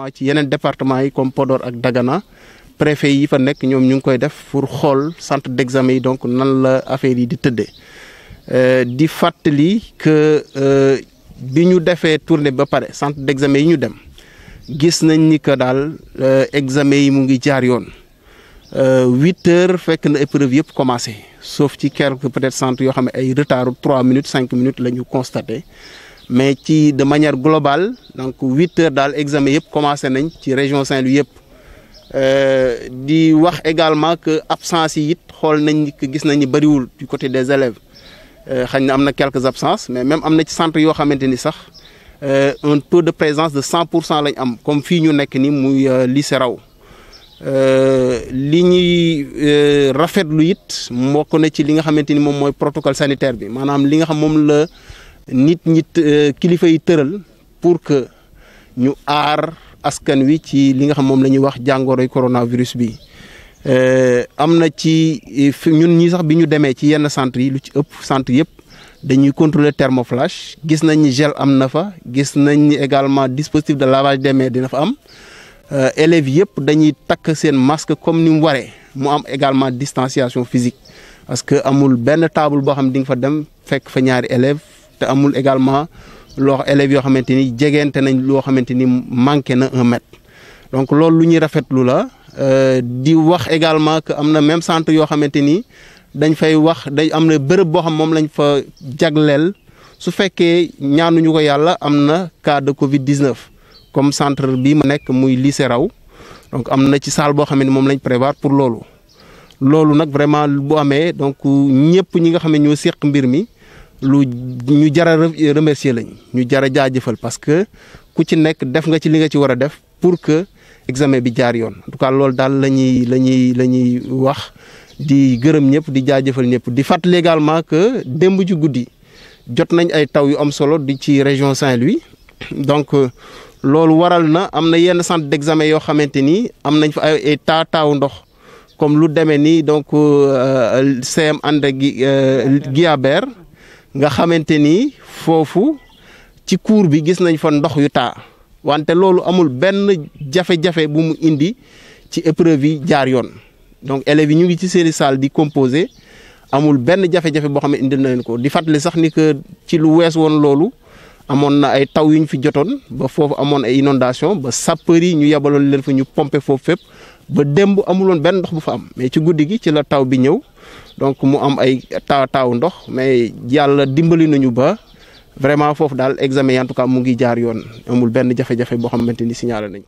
développement ci yeneen département yi comme Podor ak Dagana préfet yi fa nekk ñoom ñu ngi koy def pour xool centre d'examen yi donc nan la affaire yi di tëddee euh, di fàttali que euh, bi ñu defee tournée ba pare centre d'examen yi ñu dem gis nañ ni que daal euh, examen yi mu ngi jaar yoon huit heures fekk na épreuve yëpp commencé sauf ci quelque peut-être centre yoo xam ne ay retard trois minutes cinq minutes la ñu constaté mais ci de manière globale donc huit heures dal examen yëpp commencé nañ ci région Saint-Louis euh di wax également que absence yi xol nañ que gis nañ ni bëriwul du côté des élèves euh, xañ na amna quelques absences mais même amna ci centre yo xamanteni sax euh un taux de présence de 100% lañ am comme fi ñu nek ni muy euh, lycée Raw euh, li rafet lu yit mbokk na ci li nga xamanteni mom moy protocole sanitaire bi manam li nga xam mom le nit ñi euh, kilifa yi tëral pour que ñu aar askan wi ci li nga xam moom la ñuy wax jàngoroy coronavirus bi euh, am na ci ñun ñi sax bi ñu demee ci yenn centre yi lu ci ëpp centre yëpp dañuy contrôler thermoflash gis nañ ni gel am na fa gis nañ ni également dispositif de lavage des mains dina fa am euh, élèves yëpp dañuy takk seen masque comme ni mu waree mu am également distanciation physique parce que amul benn table boo xam di nga fa dem fekk fa ñaari élèves te amul également loo élèves yoo xamante ni jegeente nañ loo xamante ni manqué na un mètre donc loolu lu ñuy rafetlu la euh, di wax également que amna na même centre yoo xamante ni dañ fay wax day am na bërëb xam lañ fa jagleel su fekkee ñaanuñu ko yàlla am cas de covid 19 comme centre bi ma nekk muy lycée raw donc am na ci salle boo xam ne moom lañ prévoir pour loolu loolu nag vraiment bu amee donc ñëpp ñi nga ñoo mbir mi lu ñu jar a remercier lañ ñu jar a jaajëfal parce que ku ci nekk def nga ci li nga ci war a def pour que examen bi jaar yoon en tout cas loolu daal la ñuy la ñuy la ñuy wax di gërëm ñëpp di jaajëfal ñëpp di fàttali également que démb ju guddi jot nañ ay taw yu am solo di ci région Saint-Louis donc loolu waral na am na yenn centre d'examen yoo xamante ni am nañ fa ay taa taaw ndox comme lu demee nii donc CM ànd ak Guiabert nga xamante ni foofu ci cour bi gis nañ fa ndox yu taa wante loolu amul benn jafe-jafe bu mu indi ci épreuve yi jaar yoon donc élèves yi ñu ngi ci seeni salle di composé amul benn jafe-jafe boo xam ne indil na leen ko di fàttali sax ni que ci lu wees woon loolu amoon na ay taw yu ñu fi jotoon ba foofu amoon ay inondation ba sapeur yi ñu yebaloon leen fa ñu pomper foofu fépp ba démb amuloon benn ndox bu fa am mais ci guddi gi ci la taw bi ñëw donc mu am ay taw taw ndox mais yàlla dimbali nañu ba vraiment foofu daal examen yi en tout cas mu ngi jaar yoon amul benn jafe-jafe boo xamante ni signalé nañ